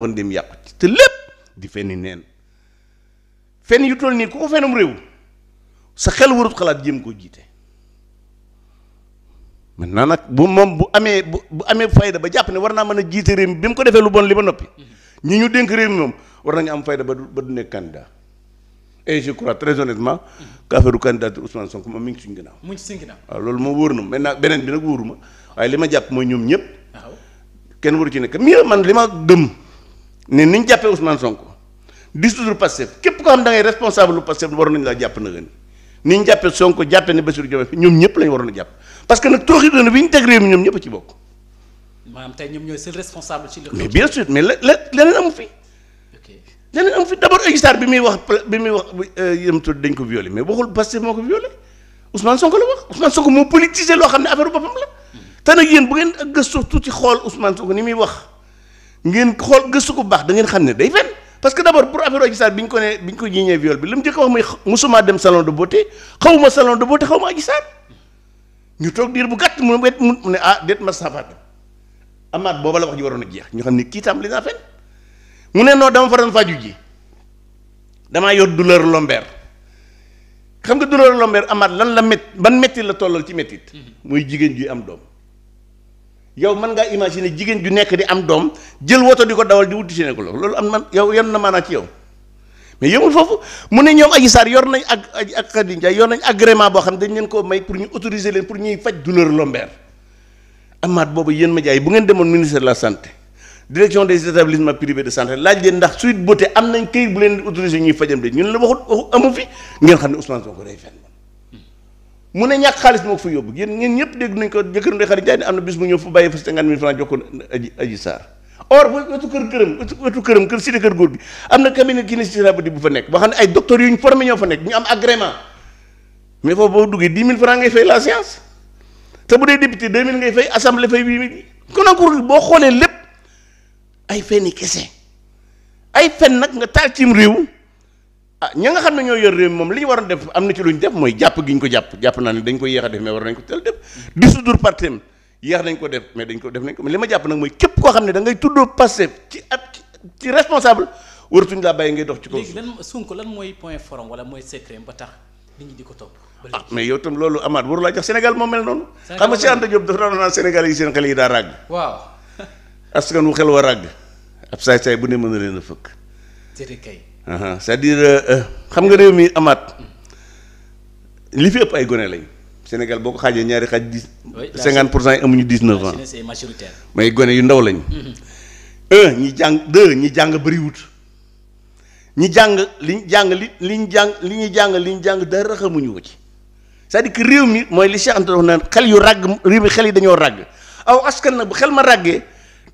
wëndeem yàqu ci te lépp di fenni neen fenn yu toll nii ku ko fenum réew sa xel warut xalaat jéem koo jiite maintenant nag bu moom bu amee bu bu amee fayda ba jàpp ne war naa mën a jiite réew mi bi mu ko defee lu bon li ma noppi ñi ñu dénk réew mi moom war nañu am fayda ba du ba du nekk candidat et je crois très honnêtement mu ngi suñ ginnaaw waaw loolu moo bi nag wóoruma waaye li ma jàpp mooy ñoom ñëpp. kenn waru ci nekk mieux man li ma gëm. ne ni ñu jàppe Ousmane Sonko dissoudre Pastef képp koo xam da ngay responsable lu Pastef waroon nañu laa jàpp na ni ni ñu jàppee Sonko jàppee ne Bassirou Diomaye ñoom a jàpp parce que nag tooxi doon bi ñu a ci bokk. maanaam tey ñoom ñooy seul responsable ci mais bien bi muy wax bi muy euh, wax yëm tudd dañ ko violé mais waxul Pastef moo ko violé Ousmane Sonko la wax Ousmane Sonko moo politisé loo xam ne affaire boppam la hmm. te nag yéen bu ngeen gëstu tuuti xool Ousmane Sonko ni muy wax ngeen xool su ko baax da ngeen xam ne day fen parce que d' pour affaire Adji bi ñu ko nee bi ñu ko jiiñee viol bi li mu njëkk wax mooy musuma dem salon de beauté xawuma salon de beauté xawuma Adji Sarr ñu toog diir bu gàtt mu mu ne ah déet ma safaat amaat booba la wax ji waroon a jeex ñu xam ne kii tam li naa fen mu ne noo dama fa doon faju ji damaa yor douleur lombaire xam nga douleur lombeer amaat lan la métti ban métti la tollal ci méttit muy mm-hmm. jigéen ji am doom yow man ngaa imaginé jigéen ju nekk di am doom jël woto di ko dawal di wuti gynécologue loolu am na yow yan na maanaa ci yow mais yëmul foofu mu ne ñoom Adji Sarr yor nañ ak ak Khady Ndiaye yor nañ boo xam ne dañ leen koo may ñu autoriser leen pour ñuy faj douleur lombaire amaat boobu yéen ma jaay bu ngeen demoon ministère la santé direction des établissements privés de santé laaj leen ndax Sweet Beauté am nañ këyit bu leen autorisé ñuy fajam de ñun la waxut waxu amu fi ngeen xam ne Ousmane Sonko day fenn mu ne ñàkk xaalis moo ko fa yóbbu yéen ñun ñëpp dégg nañ ko jëkkëram day xarit jaay ne am na bis mu ñëw fa bàyyi fa cinquante mille francs jox ko aji saar or wetu kër këram wetu këram kër cité kër góor gi am na cabinet kinésithérapie bu fa nekk boo xam ne ay docteurs yu ñu formé ñoo fa nekk ñu am agrément mais foofu boo duggee dix mille francs ngay fay la séance te bu dee député deux mille ngay fay assemblée fay huit mille kon boo xoolee lépp ay fenni kese ay fen nag nga taal cim réew ah ña nga xam ne ñoo yor réew moom li ñu waroon def am na ci lu ñu def mooy jàpp gi ñu ko jàpp jàpp naa ne dañ ko yéex a def mais war nañ ko teel def mm-hmm. dissoudre partem yéex nañ ko def mais dañ ko def nañ ko mais ma jàpp nag mooy képp koo xam ne da ngay tuddoo Pastef ci ab ci responsable waratuñ laa bàyyi ci kaw léegi lan Sonko lan mooy point mooy secret ba tax nit ñi di ah, yow itam loolu amaat waru laa jox Sénégal moo mel noonu xam nga si Anta Diop dafa doon naan Sénégal yi seen xel yi daa ràgg waaw askan wu xel wa ràgg ab saay-saay bu ne mën na leen fëkk Uh-huh. c'est-à-dire euh, euh, xam nga réew mi amaat li fi ëpp ay gone lañ Sénégal boo ko xaajee ñaari xaaj dix cinquante pour cent yi amuñu dix neuf ans mooy gone yu ndaw lañ mm-hmm. un ñi jàng deux ñi jàng bëriwut ñi jàng ñu jàng li liñ jàng li ñu jàng liñ jàng dara xamuñu ko ci c'est-à-dire que réew mi mooy li Cheikh Anta wax naan xel yu ràgg réew mi xel yi dañoo ràgg aw askan nag bu xel ma ràggee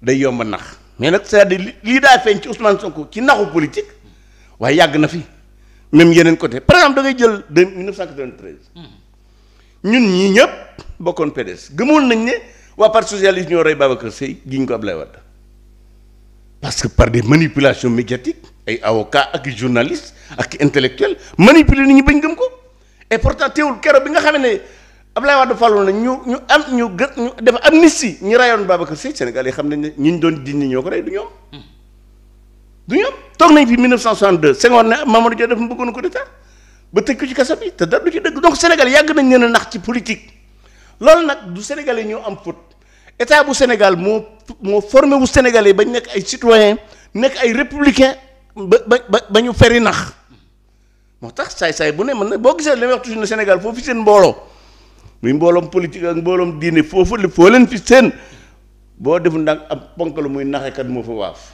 day yomb nax mais nag cest à lii daa feeñ ci Ousmane Sonko ci naxu politique waaye yàgg na fi même yeneen côté par exemple da ngay jël de 1993 hmm. ñun ñii ñëpp bokkoon PDS gëmoon nañ ne waa parti socialiste ñoo rey Babacar Seye giñ ko Ablaye Wade parce que par des manipulations médiatiques ay avocats ak journalistes ak intellectuels manipuler ni ñu bañ gëm ko et pourtant teewul keroog bi nga xam ne Ablaye Wade faloon na ñu ñu am ñu gën ñu def amnistie ñi rayoon Babacar Seye Sénégal yi xam nañ ne ñu ñu doon dindi ñoo ko rey du ñoom. Hmm. du ñu am toog nañ fi 1962 Senghor ne Mamadou Dia def mu bëggoon coup d'état ba tëj ko ci kaso bi te dara du ci dëgg donc Sénégal yàgg nañ leen a nax ci politique loolu nag du sénégalais ñoo am faute état bu Sénégal moo moo formé wu sénégalais bañ nekk ay citoyen nekk ay républicain ba ba ba ñu feri nax moo tax saay-saay bu ne mën na boo gisee li may na toujours ne Sénégal seen mbooloo muy mbooloom politique ak mbooloom diine foofu foo leen fi seen boo def ndax ab ponk la naxekat moo fa waaf.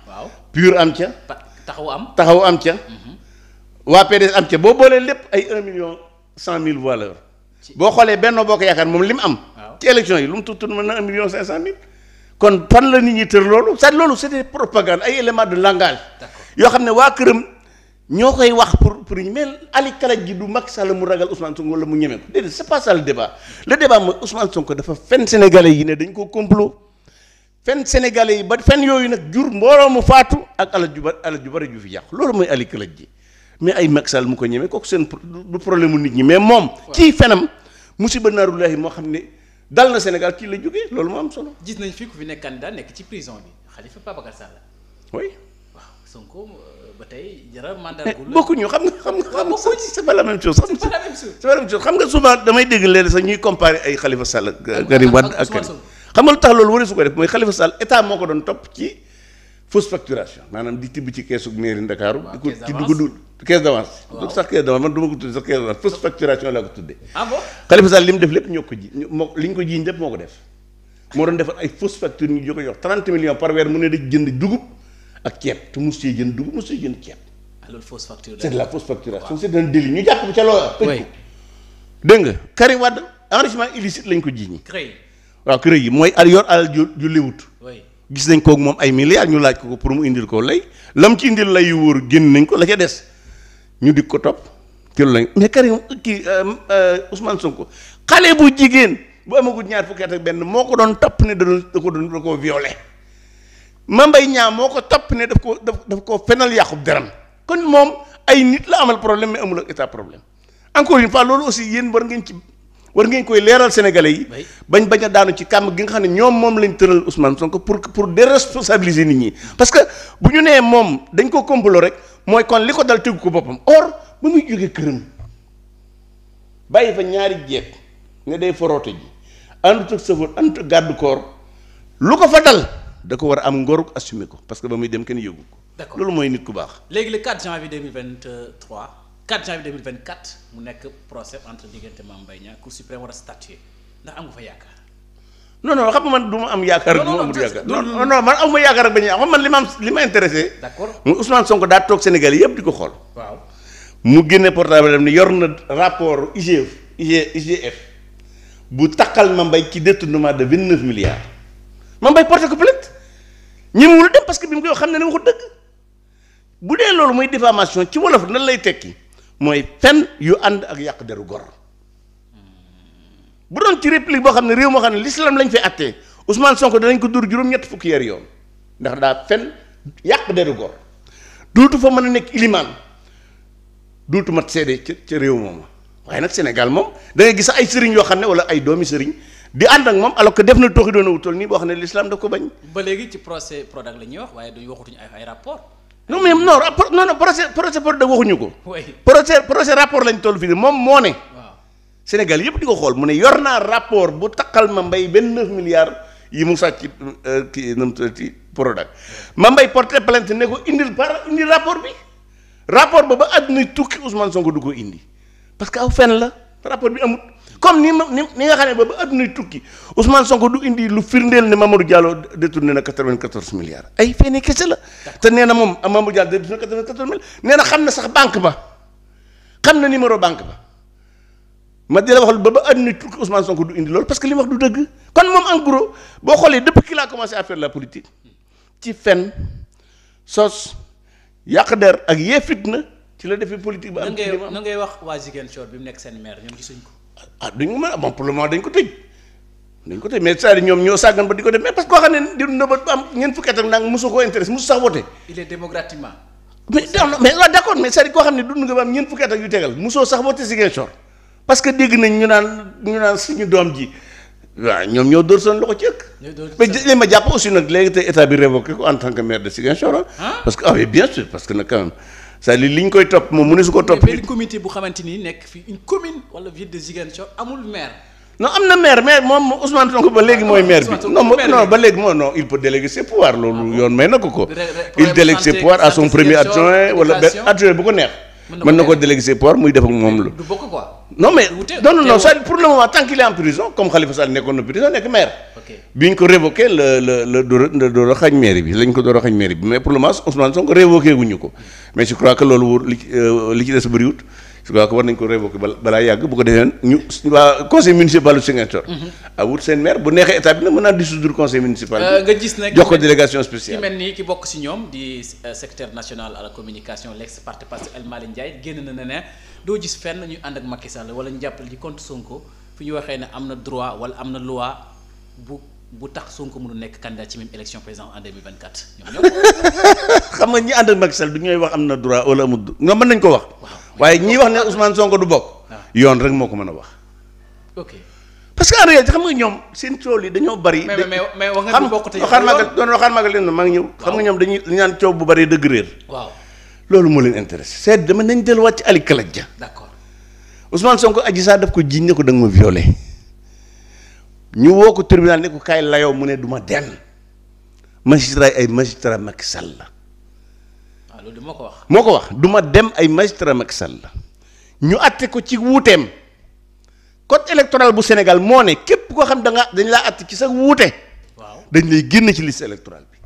pur am ca. taxaw am taxaw am ca. Mhm. waa PDS am ca boo boolee lépp ay 1 million 100 mille voix la boo xoolee Benno Bokk Yaakaar moom li mu am. ci élection yi lu mu tudd mën na 1 million 500 mille. kon fan la nit ñi tër loolu c'est loolu c'était propagande ay éléments de langage. yoo xam ne waa këram ñoo koy wax pour pour ñu mel Ali Kalaj gi du mag Macky la mu ragal Ousmane Sonko wala mu ñeme ko déedéet c'est pas ça débat le débat mooy Ousmane Sonko dafa fen Sénégalais yi ne dañ ko complot. fenn sénégalais yi ba fen yooyu nag jur mbooloo mu faatu ak alal ju ba alal ju bari ju fi yàqu loolu mooy ali këlaj ji mais ay Macky Sall mu ko ñemee kooku seen du problème mu nit ñi mais moom ci fenam musiba naarullahi moo xam ne dal na Sénégal kii la jógee loolu moo am solo gis nañ fi ku fi nekk candidat nekk ci prison bi Khalifa Babacar Sall oui waaw Sonko euh, tey jara mandargul eh, bokkuñu xam nga xam nga xam nga c'est pas la même chose c'est pas xam nga souvent damay dégg léeg sax ñuy comparer ay Khalifa Sall Karim Wade ak xam nga lu tax loolu war su ko def mooy Khalifa Sall état moo ko doon topp ci fausse facturation maanaam di tibb ci keesu mairie Ndakaaru di ko ci dugg caisse d'avance man du ma ko tudd sax caisse d'avance fausse ah facturation laa ko tuddee ah bon Khalifa li mu def lépp ñoo ko ji moo li ñu ko jiiñ lépp moo ko def moo doon defar ay fausse facture ñu jo ko jox 30 millions par weer mu ne da jënd dugub ak ceeb te mos cee jënd dugub mos cee jënd ceeb ah, loolu fausse facture c'est de la fausse facturation c'est ca loola ko dégg nga Karim waaw kër yi mooy al yor alal ju ju gis nañ kook moom ay milliards ñu laaj ko pour mu indil ko lay mu ci indil lay yu wóor génn nañ ko la ca des ñu dik ko topp ci lañ mais Karim kii euh, euh, Ousmane xale bu jigéen bu amagul ñaar fukki ak benn moo ko doon topp ne da doon da ko doon da koo moo ko topp ne daf ko daf daf ko fenal yàqub deram kon moom ay nit la amal problème mais amul ak état problème encore une fois loolu aussi yéen war ngeen ci war ngeen koy leeral sénégalais yi. bañ bañ a daanu ci kàmm gi nga xam ne ñoom moom lañ tëral Ousmane Sonko pour pour déresponsabiliser nit ñi. parce que bu ñu nee moom dañ ko complot rek mooy kon li ko dal tëgg ko boppam or ba muy jógee këram bàyyi fa ñaari jeeg ne day foroote ji àndut ak sëfoon àndut ak gàddu koor lu ko fa dal da ko war a am ngor assumé ko parce que ba muy dem kenn yëgu ko. loolu mooy nit ku baax. léegi le 4 janvier 2023. 4 janvier 2024 mu nekk procès entre diggante Mame Mbaye Niang Cour suprême war a ndax am nga fa yaakaar. non non man du ma am yaakaar ak du ma amul yaakaar non non man amuma yaakaar ak ba ñu xam man li ma am mu Ousmane Sonko daa toog Sénégal yëpp di ko xool. mu génne portable am ni yor na rapport IGF IGF bu takkal Mame Mbaye ci détournement de 29 milliards Mame Mbaye porté ko plainte ñemewul dem parce que bi mu koy wax ne na ne waxul dëgg bu dee loolu mooy diffamation ci wolof nan lay tekki mooy fen yu ànd ak yàq deru gor bu doon ci république boo xam ne réew moo xam ne l'islam lañ fay attee Ousmane Sonko danañ ko dur juróom-ñett fukki yar yoon ndax daa fen yàq deru gor duutu fa mën a nekk ilimaan duutu mat seede ca ca réew mooma waaye nag Sénégal moom da ngay gis ay sëriñ yoo xam ne wala ay doomi sëriñ di ànd ak moom alors que def na tooxi doon a wutal nii boo xam ne l'islam daf ko bañ. ba léegi ci procès Prodac la ñuy wax waaye du waxutuñu ay ay rapport non mais non rapport non non procès procès Prodac waxuñu ko. procès procès rapport lañ toll fii nii moom moo ne. Sénégal yëpp di ko xool mu ne yor naa rapport bu takkal ma mbay benn neuf milliards yi mu sàcc euh, kii nu mu tuddati Prodac ma mbay porté plainte ne ko indil par indil rapport bi rapport ba ba àdduna tukki Ousmane Sonko du ko indi parce que aw fen la rapport bi amut. comme ni ma ni ni nga xam ne ba ba adduna tukki Ousmane Sonko du indi lu firndeel ne Mamadou Diallo détourné na 94 milliards ay feneen kese la te nee na moom Mamadou Diallo détourné 94 milliards nee na xam na sax banque ba xam na numéro banque ba ma di la wax ba ba adduna tukki Ousmane Sonko du indi loolu parce que li mu wax du dëgg kon moom en gros boo xoolee depuis qu'il a commencé à faire la politique ci fen sos yàq der ak yee fitna ci la defee politique. ba am na ngay wax waa Ziguinchor bi mu nekk seen maire ñoom gisuñ ko. ah duñ ko mën a bon pour le moment dañ ko tëj dañ ko tëj mais cest ñoom ñoo sàggan ba di ko def mais parce que koo xam ne di dund ba am ñeent fukki ak nag mosu koo sax wote. il est démocratiquement. xam ne dund nga ba am ñeent fukki at ak parce que dégg nañ ñu naan ñu naan suñu doom ji. waaw ñoom ñoo dóor seen loxo ci ëkk. mais li ma jàpp aussi nag léegi te état bi révoqué ko en tant que maire de Ziguinchor. Ah. Ah. parce que ah oui bien sûr parce que nag quand sa lii dire li ñu koy topp moom mënu su ko topp. mais benn comité bu xamante ni nekk fii une commune wala ville de Ziguinchor amul maire. non am na maire mais moom Ousmane Sonko ba léegi mooy maire bi non non ba léegi moom il peut déléguer ses pouvoirs loolu ah yoon may na ko il délègue ses pouvoirs à son premier adjoint wala benn adjoint bu ko neex. mën na ko déléguer ses pouvoirs muy def ak moom la. du mais non non non pour le moment tant en prison comme Khalifa Sall nekkoon na prison nekk bi ñu ko révoqué la la la door a door a bi lañ ko door a xañ mairie bi mais pour le moment Ousmane révoqué guñu ko mais je crois que loolu euh, li ci des bëriwut je crois war nañ ko révoqué balaa yàgg bu ko defee ñu waa mhm. ah, a euh, nga gis nag jox ko délégation spéciale. ci mel ni ki bokk si ñoom di euh, secrétaire national à la communication l'ex parti Pastef El Malick génn na ne doo gis fenn ñu ànd ak Macky Sall wala ñu jàppale ci compte fi ñu waxee ne am na droit bu bu tax Sonko a nekk candidat ci même élection président en 2024. ñoom xam nga ñi ànd ak Macky Sall du ñooy wax am na droit wala amul nga mën nañ ko wax. waaye ñiy wax ne Ousmane Sonko du bokk. Ah. yoon rek moo ko mën a wax. ok parce que en réalité xam nga ñoom seen tool yi dañoo bari. mais mais mais nga du bokk te yow xam nga doon leen maa ngi ñëw. xam nga ñoom dañuy ñaan bu bari dëgg réer. waaw loolu moo leen intéressé. seet dama nañ delluwaat ci Ali Kalaj Ja. d'accord Ousmane Sonko Adji Sarr daf ko jiiñ ne ko da nga ma violé ñu woo ko tribunal ne ko kaay layoo mu ne duma ma dem magistrat ay magistrat Macky Sall la. waaw ah, loolu moo ko wax. moo ko wax du ma dem ay magistrat Macky Sall la ñu atte ko ci wuuteem code électoral bu Sénégal moo ne képp koo xam da nga dañ laa àtt ci sag wuute. waaw dañ lay génn ci liste électorale bi.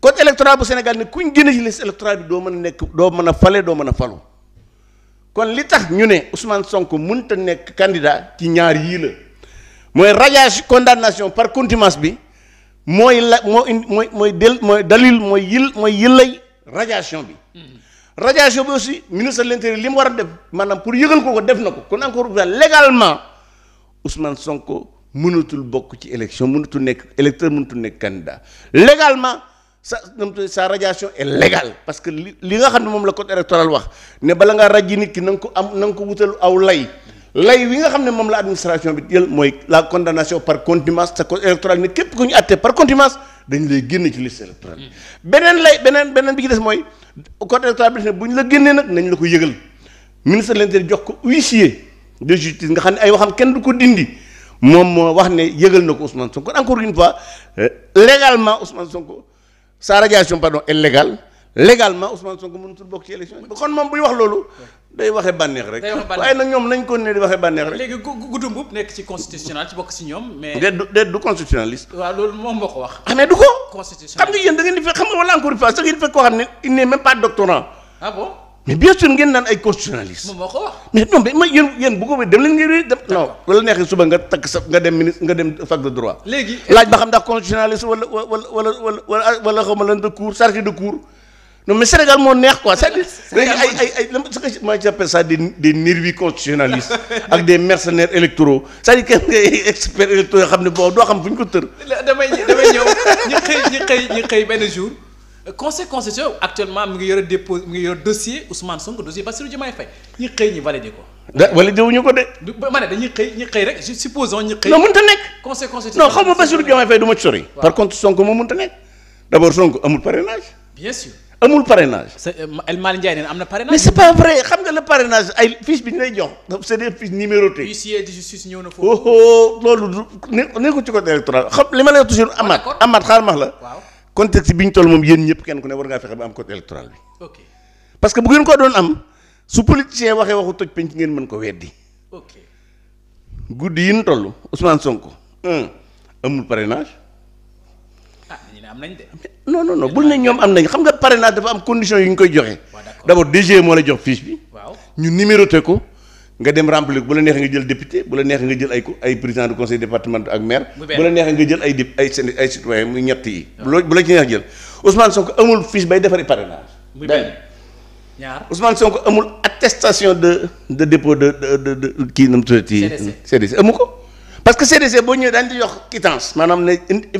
code électoral bu Sénégal ne kuñ génn ci liste électorale bi doo mën a nekk doo mën a fale doo mën a falu kon li tax ñu ne Ousmane Sonko mënta nekk candidat ci ñaar yii la. mooy radiation condamnation par contimence bi mooy la moo indi mooy mooy del mooy dalil mooy yil mooy yillay radiation bi radiation bi aussi ministre de l'intérieur li mu war a def maanaam pour yëgal ko ko def na ko kon encore une légalement Ousmane Sonko mënatul bokk ci élection mënatul nekk électeur mënatul nekk candidat légalement sa sa radiation est légale parce que li li nga xam ne moom la code électoral wax ne bala ngaa rajji nit ki na ko am na ko wutal aw lay lay wi nga xam ne moom la administration bi jël mooy la condamnation par contumace sa code électoral ni képp ku ñu àttee par contumace dañ lay génne ci liste électorale mm. beneen lay beneen beneen bi ci des mooy code électoral bi ne bu ñu la génnee nag nañ la ko yëgal ministre de l'intérieur jox ko huissier de justice nga xam ne ay waxam kenn du ko dindi moom moo wax ne yëgal na ko Ousmane Sonko encore une fois euh, légalement Ousmane Sonko sa radiation pardon est légale légalement Ousmane Sonko mënutul bokk ci élection bi kon moom buy wax loolu day waxe bànneex rek waaye nag ñoom nañ ko ne di waxe bànneex rek léegi gudum bu nekk du déet du loolu moom moo ko wax xamee ah, du ko xam nga yéen da di fekk xam nga wala encore une fois sax ngeen di xam ne il n'est même pas doctorant ah bon mais bien sûr ngeen naan ay xam ndax constitutionnaliste wala wala non mais Sénégal moo neex ko c'est-à-dire léegi ay ay ay lan ce que moi j'appelle ça des des nervis constitutionnalistes ak des mercenaires électoraux c'est-à-dire ngay experts électoraux yoo xam ne boo doo xam fu ñu ko tër. damay damay ñëw ñu xëy ñu xëy ñu xëy benn jour. conseil constitutionnel actuellement mi ngi yore dépôt mi ngi yore dossier Ousmane Sonko dossier Bassirou Diomaye Faye ko. da validé wu ñu ko de. du ma dañuy xëy ñi xëy rek supposons ñi xëy. non mënut a nekk. conseil constitutionnel non xam nga Bassirou Diomaye Faye du ma ci sori. par contre Sonko moom mënut a nekk d'abord Sonko amul parrainage. bien sûr. amul parrainage. sa euh, El Malick Ndiaye am na parrainage. mais c'est pas vrai xam nga le parrainage ay fiche bi ñu lay jox. c'est des fiches numérotées. na foofu. oh oh loolu du ne nekkul ci code électoral xam li ma lay wax toujours. amaat ah, amaat xaar max la. waaw contexte bi ñu toll moom yéen ñëpp kenn ku ne war ngaa fexe ba am code électoral bi. parce que bu ngeen ko doon am su politicien waxee waxu toj penc ngeen mën ko weddi. ok guddi yi ñu toll Ousmane Sonko un amul parrainage. am nañ de. bul ne ñoom am nañ xam nga parrainage dafa am condition yu ñu koy joxe. d' abord moo la jox fiche bi. ñu numéroté ko. nga dem remplir bu la neexee nga jël député bu la neexee nga jël ay ay président du conseil départemental ak bu la neexee jël ay dip ay amul fiche bay defari parrainage. muy amul de de dépôt de de de kii nu mu tuddati. CDC amu ko. parce que CDC boo ñëwee daañu di quittance maanaam ne